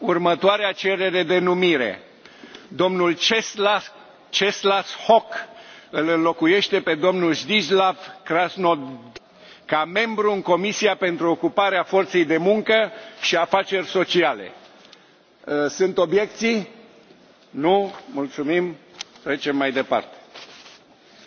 următoarea cerere de numire domnul czeslaw hoc îl înlocuiește pe domnul zdzislaw krasnodbski ca membru în comisia pentru ocuparea forței de muncă și afaceri sociale. Ă, sunt obiecții? nu? mulțumim. trecem mai departe.